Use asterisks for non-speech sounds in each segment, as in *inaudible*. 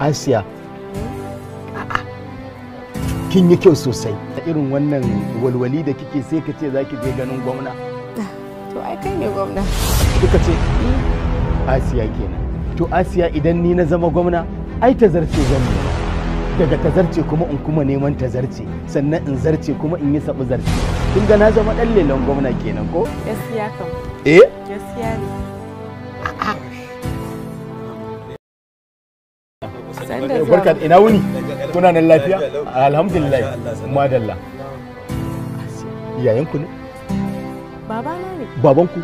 asiya kin yi kyau sosai a irin wannan walwali da kike sai ka ce za ki je ganin gwamna to ai kai ne gwamna kika ce hmm, asiya kenan to asiya idan ni na zama gwamna ai ta zarce zan nema daga ta zarce kuma in kuma neman ta zarce sannan in zarce kuma in yi sabu zarce kin ga na zama dan lelon gwamna kenan ko gaskiya kam eh gaskiya ne barka ina wuni kuna nan lafiya alhamdulillah madalla yayan ku ne babana ne baban ku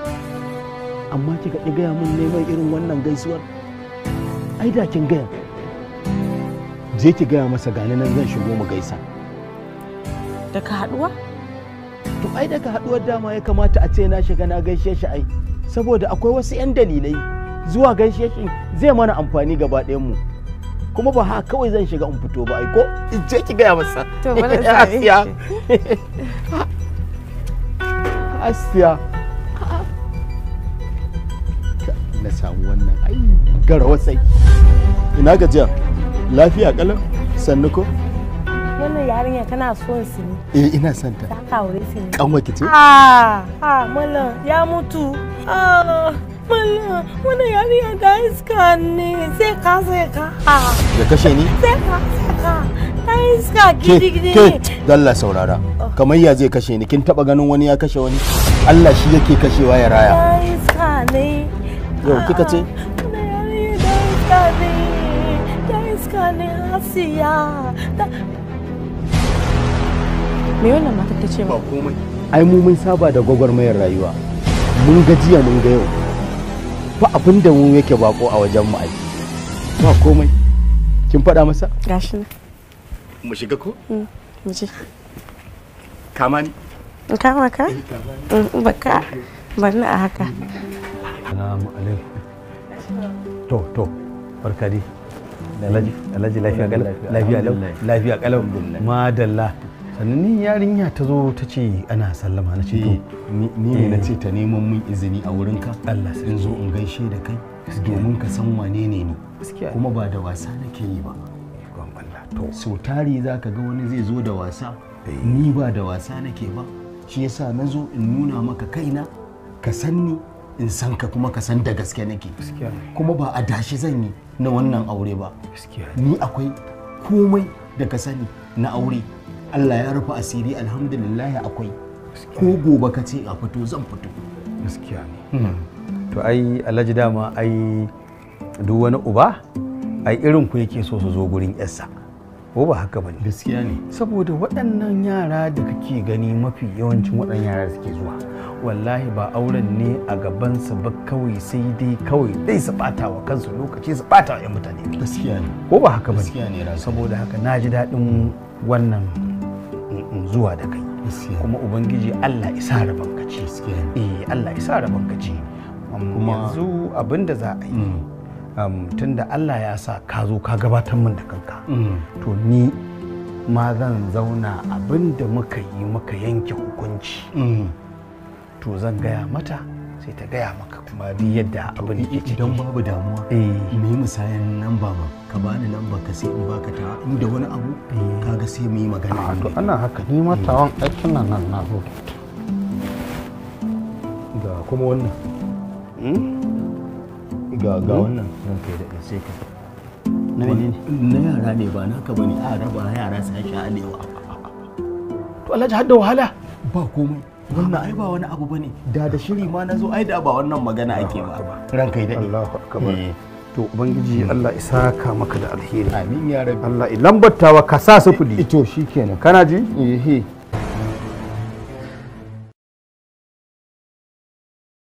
amma kika ki gaya min neman irin wannan gaisuwar ai da kin gaya je ki gaya masa gani nan zan shigo mu gaisa daga haduwa to ai daga haduwar dama ya kamata a ce na shiga na gaishe shi ai saboda akwai wasu 'yan dalilai zuwa gaishe shi zai mana amfani gaba mu kuma ba ha kawai zan shiga in fito ba ko in je ki gaya masa to sai asiya *laughs* asiya na samu wannan ai garawa sai ina gajiya lafiya kalan sannu ko wannan yarinya kana son su ne eh ina son ta ta kawo su ne kanwa kici a ah, a ah, mallam ya mutu ah Mallam, wani yariya da iska ne sai ka sai ka. Ya kashe ni? Sai ka sai ka. Ta iska gidigidi ne. Ke, dalla saurara. Oh. Kamar ya zai kashe ni, kin taɓa ganin wani ya kashe wani? Allah shi yake kashewa ya raya. Ta iska ne. Yau kika ce? Wani yariya da iska ne. Ta iska ne Asiya. Me wannan matar ta ce ma? Ba komai. Ai mu mun saba da gwagwarmayar rayuwa. Mun gajiya mun ga yau. fa abin da mu yake bako a wajen mu ai ba komai kin faɗa masa gashi ne mu shiga ko mm, mu je kama ni kama ka eh, mm, baka bari a haka assalamu alaikum to to barka dai alhaji lafiya kalau lafiya kalau madalla sannan yarinya ta zo ta ce ana sallama na ce to ni ne na ce ta neman mun izini a wurin ka Allah sai zo in gaishe da kai domin ka san wane ne ni kuma ba da wasa nake yi ba to so tari za ka ga wani zai zo da wasa eh. ni ba da wasa nake ba shi yasa na zo in nuna maka kaina ka san ni in san ka kuma ka san da gaske nake kuma ba a dashi zan yi na wannan aure ba ni akwai komai da ka sani na aure Allah ya rufe asiri alhamdulillah akwai ko gobe ka ce a fito zan fito gaskiya ne hmm. to ai alhaji dama ai duk wani uba ai irin ku yake so su zo gurin yarsa ko ba haka bane gaskiya ne saboda waɗannan yara da kake gani mafi yawancin waɗannan yara suke zuwa wallahi ba auren ne a gaban su ba kawai sai dai kawai dai su bata wa kansu lokaci su bata wa 'yan mutane gaskiya ne ko ba haka bane gaskiya ne saboda haka na ji daɗin wannan zuwa da kai kuma ubangiji Allah isa rabon kaci ci eh Allah isa rabon kaci yanzu abinda za a yi mm. um, tunda Allah ya sa ka zo ka gabatar min da kanka mm. to ni ma zan zauna abinda muka yi muka yanke hukunci mm. to zan gaya mata sai ta gaya maka kuma bi yadda abin da ke idan babu damuwa eh. me misayan nan ba ka bani nan ba ka sai in baka ta inda wani abu eh. kaga sai mu yi magana ah, to ana haka ni ma eh. tawan aikin nan nan na rubuta ga kuma wannan hmm? ga ga hmm? wannan nan kai da sai ka na ne na yara ne ba naka bane a raba yara sai sha alewa to Allah ji hadda wahala ba komai wannan ai ba wani abu bane da da shiri ma nazo ai da ba wannan magana ake ba ranka dade Allahu akbar eh. to ubangiji Allah isa ka maka da alheri amin ya rabbi Allah ilambatawa ka sa sufuli to shikenan kana ji eh